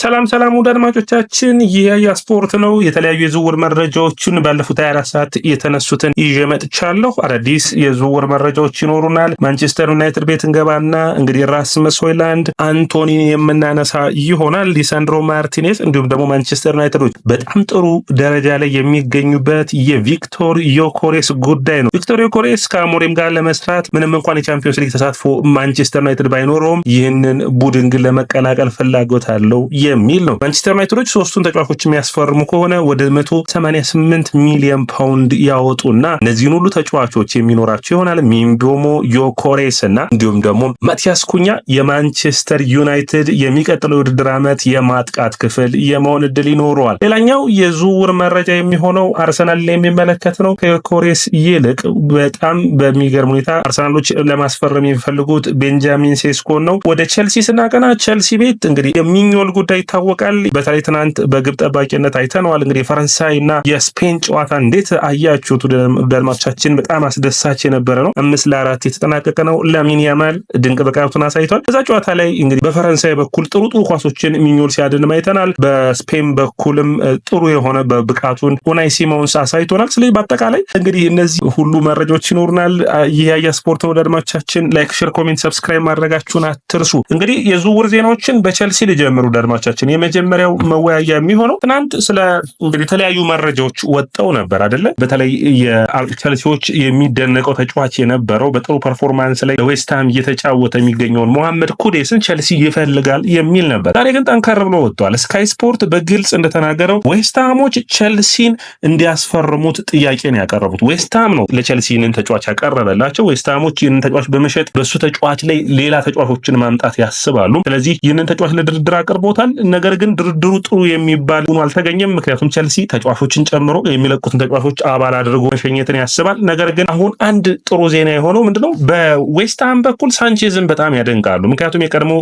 ሰላም ሰላም ውድ አድማጮቻችን፣ ይህ ስፖርት ነው። የተለያዩ የዝውውር መረጃዎችን ባለፉት 24 ሰዓት የተነሱትን ይዤ መጥቻለሁ። አዳዲስ የዝውውር መረጃዎች ይኖሩናል። ማንቸስተር ዩናይትድ ቤት እንገባና እንግዲህ ራስመስ ሆይላንድ፣ አንቶኒን የምናነሳ ይሆናል። ሊሳንድሮ ማርቲኔዝ እንዲሁም ደግሞ ማንቸስተር ዩናይትዶች በጣም ጥሩ ደረጃ ላይ የሚገኙበት የቪክቶር ዮኮሬስ ጉዳይ ነው። ቪክቶር ዮኮሬስ ከአሞሪም ጋር ለመስራት ምንም እንኳን የቻምፒዮንስ ሊግ ተሳትፎ ማንቸስተር ዩናይትድ ባይኖረውም ይህንን ቡድን ግን ለመቀላቀል ፍላጎት አለው። የሚል ነው። ማንቸስተር ዩናይትዶች ሶስቱን ተጫዋቾች የሚያስፈርሙ ከሆነ ወደ 188 ሚሊዮን ፓውንድ ያወጡና እነዚህን ሁሉ ተጫዋቾች የሚኖራቸው ይሆናል። ሚንዶሞ፣ ዮኮሬስ እና እንዲሁም ደግሞ ማቲያስ ኩኛ የማንቸስተር ዩናይትድ የሚቀጥለው ውድድር ዓመት የማጥቃት ክፍል የመሆን እድል ይኖረዋል። ሌላኛው የዝውውር መረጃ የሚሆነው አርሰናል የሚመለከት ነው። ከዮኮሬስ ይልቅ በጣም በሚገርም ሁኔታ አርሰናሎች ለማስፈረም የሚፈልጉት ቤንጃሚን ሴስኮን ነው። ወደ ቸልሲ ስናቀና ቸልሲ ቤት እንግዲህ የሚኞል ጉዳይ ይታወቃል። በተለይ ትናንት በግብ ጠባቂነት አይተነዋል። እንግዲህ የፈረንሳይና የስፔን ጨዋታ እንዴት አያችሁት? ደልማቻችን በጣም አስደሳች የነበረ ነው። አምስት ለአራት የተጠናቀቀ ነው። ላሚን ያማል ድንቅ ብቃቱን አሳይቷል። በዛ ጨዋታ ላይ እንግዲህ በፈረንሳይ በኩል ጥሩ ጥሩ ኳሶችን ሚኞል ሲያድን አይተናል። በስፔን በኩልም ጥሩ የሆነ በብቃቱን ኡናይ ሲሞንስ አሳይቶናል። ስለዚህ በአጠቃላይ እንግዲህ እነዚህ ሁሉ መረጃዎች ይኖሩናል። የያያ ስፖርት ወደ አድማቻችን ላይክ፣ ሼር፣ ኮሜንት፣ ሰብስክራይብ ማድረጋችሁን አትርሱ። እንግዲህ የዝውውር ዜናዎችን በቸልሲ ልጀምሩ ደድማቻችን ተመልካቾቻችን የመጀመሪያው መወያያ የሚሆነው ትናንት ስለ እንግዲህ የተለያዩ መረጃዎች ወጥተው ነበር አደለ? በተለይ የቸልሲዎች የሚደነቀው ተጫዋች የነበረው በጥሩ ፐርፎርማንስ ላይ ለዌስትሃም እየተጫወተ የሚገኘውን ሞሐመድ ኩዴስን ቼልሲ ይፈልጋል የሚል ነበር። ዛሬ ግን ጠንከር ብሎ ወጥቷል። ስካይ ስፖርት በግልጽ እንደተናገረው ዌስትሃሞች ቼልሲን እንዲያስፈርሙት ጥያቄን ያቀረቡት ዌስትሃም ነው ለቼልሲ ይህንን ተጫዋች ያቀረበላቸው። ዌስትሃሞች ይህንን ተጫዋች በመሸጥ በሱ ተጫዋች ላይ ሌላ ተጫዋቾችን ማምጣት ያስባሉ። ስለዚህ ይህንን ተጫዋች ለድርድር አቅርቦታል። ነገር ግን ድርድሩ ጥሩ የሚባል ሆኖ አልተገኘም። ምክንያቱም ቸልሲ ተጫዋቾችን ጨምሮ የሚለቁትን ተጫዋቾች አባል አድርጎ መሸኘትን ያስባል። ነገር ግን አሁን አንድ ጥሩ ዜና የሆነው ምንድነው? በዌስትሃም በኩል ሳንቼዝን በጣም ያደንቃሉ። ምክንያቱም የቀድሞ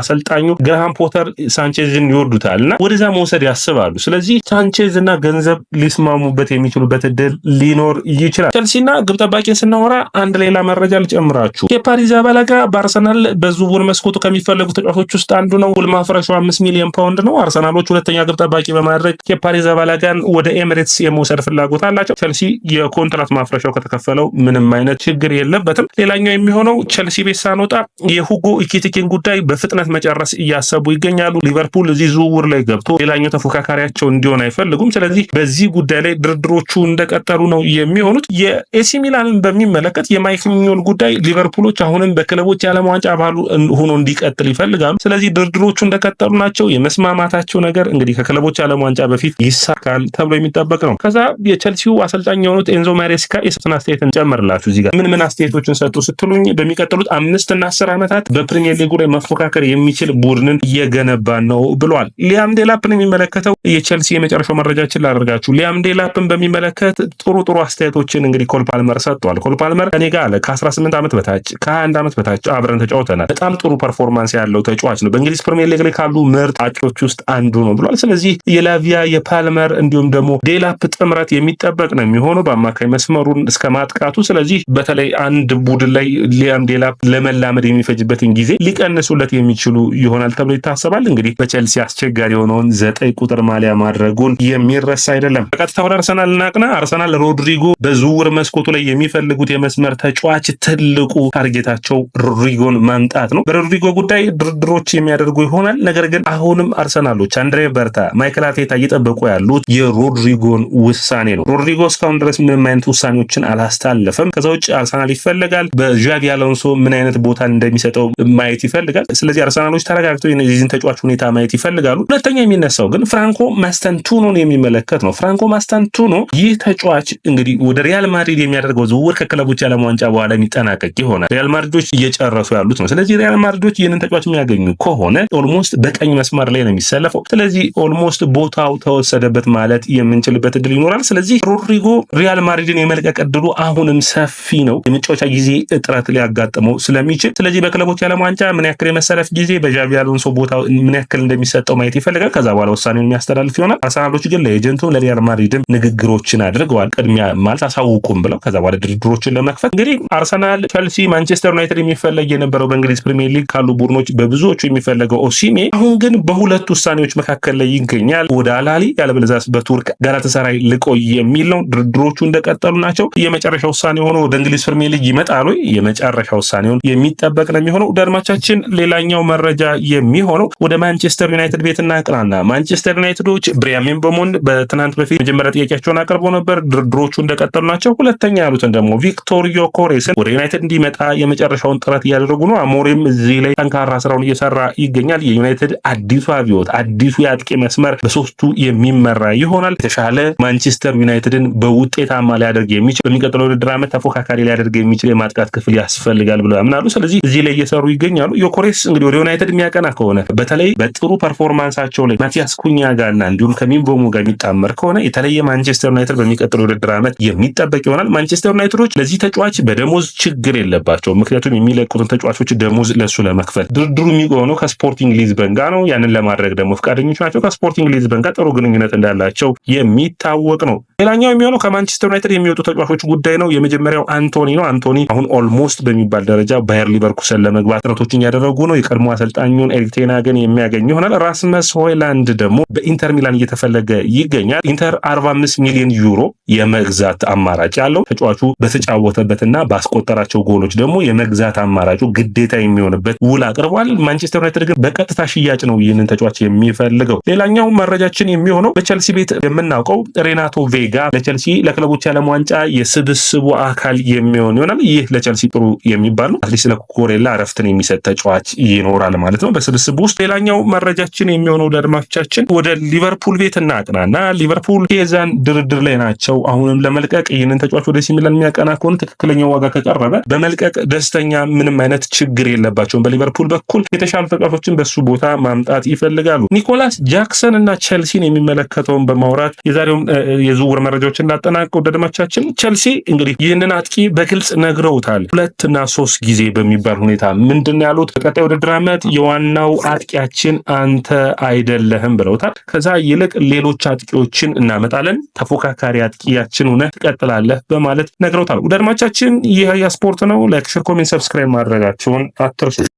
አሰልጣኙ ግርሃም ፖተር ሳንቼዝን ይወዱታል እና ወደዛ መውሰድ ያስባሉ። ስለዚህ ሳንቼዝ እና ገንዘብ ሊስማሙበት የሚችሉበት እድል ሊኖር ይችላል። ቸልሲና ግብ ጠባቂን ስናወራ አንድ ሌላ መረጃ ልጨምራችሁ። የፓሪዝ አባላጋ በአርሰናል በዝውውር መስኮቱ ከሚፈለጉ ተጫዋቾች ውስጥ አንዱ ነው። ውል ማፍረሻው አምስት ሚሊዮን ሚሊዮን ፓውንድ ነው። አርሰናሎች ሁለተኛ ግብ ጠባቂ በማድረግ የፓሪዝ አባላጋን ወደ ኤምሬትስ የመውሰድ ፍላጎት አላቸው። ቸልሲ የኮንትራት ማፍረሻው ከተከፈለው ምንም አይነት ችግር የለበትም። ሌላኛው የሚሆነው ቸልሲ ቤት ሳንወጣ የሁጎ ኢኪቲኪን ጉዳይ በፍጥነት መጨረስ እያሰቡ ይገኛሉ። ሊቨርፑል እዚህ ዝውውር ላይ ገብቶ ሌላኛው ተፎካካሪያቸው እንዲሆን አይፈልጉም። ስለዚህ በዚህ ጉዳይ ላይ ድርድሮቹ እንደቀጠሉ ነው የሚሆኑት። የኤሲ ሚላንን በሚመለከት የማይክል ጉዳይ ሊቨርፑሎች አሁንም በክለቦች ያለም ዋንጫ ባሉ ሆኖ እንዲቀጥል ይፈልጋሉ። ስለዚህ ድርድሮቹ እንደቀጠሉ ናቸው። የመስማማታቸው ነገር እንግዲህ ከክለቦች ዓለም ዋንጫ በፊት ይሳካል ተብሎ የሚጠበቅ ነው። ከዛ የቸልሲው አሰልጣኝ የሆኑት ኤንዞ ማሬስካ የሰጡትን አስተያየትን ጨምርላችሁ እዚህ ጋር ምን ምን አስተያየቶችን ሰጡ ስትሉኝ በሚቀጥሉት አምስት እና አስር ዓመታት በፕሪሚየር ሊጉ ላይ መፎካከር የሚችል ቡድንን እየገነባ ነው ብሏል። ሊያም ዴላፕን የሚመለከተው የቸልሲ የመጨረሻው መረጃችን ላደርጋችሁ። ሊያም ዴላፕን በሚመለከት ጥሩ ጥሩ አስተያየቶችን እንግዲህ ኮልፓልመር ሰጥቷል። ኮልፓልመር ከኔ ጋር አለ ከ18 ዓመት በታች ከ21 ዓመት በታች አብረን ተጫውተናል። በጣም ጥሩ ፐርፎርማንስ ያለው ተጫዋች ነው። በእንግሊዝ ፕሪሚየር ሊግ ላይ ካሉ ምርጥ አጥቂዎች ውስጥ አንዱ ነው ብሏል። ስለዚህ የላቪያ የፓልመር እንዲሁም ደግሞ ዴላፕ ጥምረት የሚጠበቅ ነው የሚሆነው በአማካኝ መስመሩን እስከ ማጥቃቱ። ስለዚህ በተለይ አንድ ቡድን ላይ ሊያም ዴላፕ ለመላመድ የሚፈጅበትን ጊዜ ሊቀንሱለት የሚችሉ ይሆናል ተብሎ ይታሰባል። እንግዲህ በቼልሲ አስቸጋሪ የሆነውን ዘጠኝ ቁጥር ማሊያ ማድረጉን የሚረሳ አይደለም። በቀጥታ ወደ አርሰናል እናቅና። አርሰናል ሮድሪጎ በዝውውር መስኮቱ ላይ የሚፈልጉት የመስመር ተጫዋች ትልቁ ታርጌታቸው ሮድሪጎን ማምጣት ነው። በሮድሪጎ ጉዳይ ድርድሮች የሚያደርጉ ይሆናል። ነገር ግን አሁን አሁንም አርሰናሎች አንድሬ በርታ፣ ማይክል አርቴታ እየጠበቁ ያሉት የሮድሪጎን ውሳኔ ነው። ሮድሪጎ እስካሁን ድረስ ምንም አይነት ውሳኔዎችን አላስታለፈም። ከዛ ውጭ አርሰናል ይፈልጋል። በዣቪ አሎንሶ ምን አይነት ቦታ እንደሚሰጠው ማየት ይፈልጋል። ስለዚህ አርሰናሎች ተረጋግተው የዚህን ተጫዋች ሁኔታ ማየት ይፈልጋሉ። ሁለተኛ የሚነሳው ግን ፍራንኮ ማስተንቱኖን የሚመለከት ነው። ፍራንኮ ማስተንቱኖ ይህ ተጫዋች እንግዲህ ወደ ሪያል ማድሪድ የሚያደርገው ዝውውር ከክለቦች ያለም ዋንጫ በኋላ የሚጠናቀቅ ይሆናል። ሪያል ማድሪዶች እየጨረሱ ያሉት ነው። ስለዚህ ሪያል ማድሪዶች ይህንን ተጫዋች የሚያገኙ ከሆነ ኦልሞስት በቀኝ መስመር መስመር ላይ ነው የሚሰለፈው። ስለዚህ ኦልሞስት ቦታው ተወሰደበት ማለት የምንችልበት እድል ይኖራል። ስለዚህ ሮድሪጎ ሪያል ማድሪድን የመልቀቅ እድሉ አሁንም ሰፊ ነው። የመጫወቻ ጊዜ እጥረት ሊያጋጥመው ስለሚችል ስለዚህ በክለቦች የዓለም ዋንጫ ምን ያክል የመሰለፍ ጊዜ በዣቪ አሎንሶ ቦታ ምን ያክል እንደሚሰጠው ማየት ይፈልጋል። ከዛ በኋላ ውሳኔውን የሚያስተላልፍ ይሆናል። አርሰናሎች ግን ለኤጀንቱም ለሪያል ማድሪድም ንግግሮችን አድርገዋል። ቅድሚያ ማለት አሳውቁም ብለው ከዛ በኋላ ድርድሮችን ለመክፈት እንግዲህ አርሰናል፣ ቸልሲ፣ ማንቸስተር ዩናይትድ የሚፈለግ የነበረው በእንግሊዝ ፕሪሚየር ሊግ ካሉ ቡድኖች በብዙዎቹ የሚፈለገው ኦሲሜ አሁን ግን በሁለት ውሳኔዎች መካከል ላይ ይገኛል። ወደ አላሊ ያለበለዚያስ በቱርክ ጋላታሳራይ ልቆይ የሚል ነው። ድርድሮቹ እንደቀጠሉ ናቸው። የመጨረሻ ውሳኔ ሆኖ ወደ እንግሊዝ ፕሪሚየር ሊግ ይመጣሉ። የመጨረሻ ውሳኔውን የሚጠበቅ ነው የሚሆነው። ደርማቻችን ሌላኛው መረጃ የሚሆነው ወደ ማንቸስተር ዩናይትድ ቤት እናቅናና ማንቸስተር ዩናይትዶች ብሪያን ምቤሞን በትናንት በፊት መጀመሪያ ጥያቄያቸውን አቅርበው ነበር። ድርድሮቹ እንደቀጠሉ ናቸው። ሁለተኛ ያሉትን ደግሞ ቪክቶር ዮኬሬስን ወደ ዩናይትድ እንዲመጣ የመጨረሻውን ጥረት እያደረጉ ነው። አሞሪም እዚህ ላይ ጠንካራ ስራውን እየሰራ ይገኛል። የዩናይትድ አዲስ አዲሱ አብዮት አዲሱ የአጥቂ መስመር በሶስቱ የሚመራ ይሆናል። የተሻለ ማንቸስተር ዩናይትድን በውጤታማ ሊያደርግ የሚችል በሚቀጥለው ውድድር ዓመት ተፎካካሪ ሊያደርግ የሚችል የማጥቃት ክፍል ያስፈልጋል ብለው ያምናሉ። ስለዚህ እዚህ ላይ እየሰሩ ይገኛሉ። ዮኮሬስ እንግዲህ ወደ ዩናይትድ የሚያቀና ከሆነ በተለይ በጥሩ ፐርፎርማንሳቸው ላይ ማቲያስ ኩኛ ጋርና እንዲሁም ከሚንቦሙ ጋር የሚጣመር ከሆነ የተለየ ማንቸስተር ዩናይትድ በሚቀጥለው ውድድር ዓመት የሚጠበቅ ይሆናል። ማንቸስተር ዩናይትዶች ለዚህ ተጫዋች በደሞዝ ችግር የለባቸው። ምክንያቱም የሚለቁትን ተጫዋቾች ደሞዝ ለሱ ለመክፈል ድርድሩ የሚሆነው ከስፖርቲንግ ሊዝበን ጋር ነው። ያንን ይህንን ለማድረግ ደግሞ ፈቃደኞች ናቸው። ከስፖርቲንግ ሊዝበን ጋር ጥሩ ግንኙነት እንዳላቸው የሚታወቅ ነው። ሌላኛው የሚሆነው ከማንቸስተር ዩናይትድ የሚወጡ ተጫዋቾች ጉዳይ ነው። የመጀመሪያው አንቶኒ ነው። አንቶኒ አሁን ኦልሞስት በሚባል ደረጃ ባየር ሊቨርኩሰን ለመግባት ጥረቶችን ያደረጉ ነው። የቀድሞ አሰልጣኙን ኤሪክ ቴን ሃግን የሚያገኝ ይሆናል። ራስመስ ሆይላንድ ደግሞ በኢንተር ሚላን እየተፈለገ ይገኛል። ኢንተር 45 ሚሊዮን ዩሮ የመግዛት አማራጭ ያለው ተጫዋቹ በተጫወተበትና ባስቆጠራቸው ጎሎች ደግሞ የመግዛት አማራጩ ግዴታ የሚሆንበት ውል አቅርቧል። ማንቸስተር ዩናይትድ ግን በቀጥታ ሽያጭ ነው ይህን ይህንን ተጫዋች የሚፈልገው። ሌላኛው መረጃችን የሚሆነው በቸልሲ ቤት የምናውቀው ሬናቶ ቬጋ ለቸልሲ ለክለቦች ያለም ዋንጫ የስብስቡ አካል የሚሆን ይሆናል። ይህ ለቸልሲ ጥሩ የሚባል ነው። አትሊስት ለኮኮሬላ እረፍትን የሚሰጥ ተጫዋች ይኖራል ማለት ነው በስብስቡ ውስጥ። ሌላኛው መረጃችን የሚሆነው ለአድማጮቻችን ወደ ሊቨርፑል ቤት እናቅናና ሊቨርፑል ኬዛን ድርድር ላይ ናቸው። አሁንም ለመልቀቅ ይህንን ተጫዋች ወደ ሲሚላን የሚያቀና ከሆነ ትክክለኛው ዋጋ ከቀረበ በመልቀቅ ደስተኛ ምንም አይነት ችግር የለባቸውም። በሊቨርፑል በኩል የተሻሉ ተጫዋቾችን በሱ ቦታ ማምጣት ማምጣት ይፈልጋሉ። ኒኮላስ ጃክሰን እና ቸልሲን የሚመለከተውን በማውራት የዛሬውን የዝውውር መረጃዎች እናጠናቀው። ደድማቻችን ቸልሲ እንግዲህ ይህንን አጥቂ በግልጽ ነግረውታል። ሁለትና ሶስት ጊዜ በሚባል ሁኔታ ምንድን ያሉት በቀጣይ ውድድር ዓመት የዋናው አጥቂያችን አንተ አይደለህም ብለውታል። ከዛ ይልቅ ሌሎች አጥቂዎችን እናመጣለን፣ ተፎካካሪ አጥቂያችን ሆነ ትቀጥላለህ በማለት ነግረውታል። ደድማቻችን ይህ ስፖርት ነው። ላይክ፣ ሼር፣ ኮሜንት፣ ሰብስክራይብ ማድረጋቸውን አትርሱ።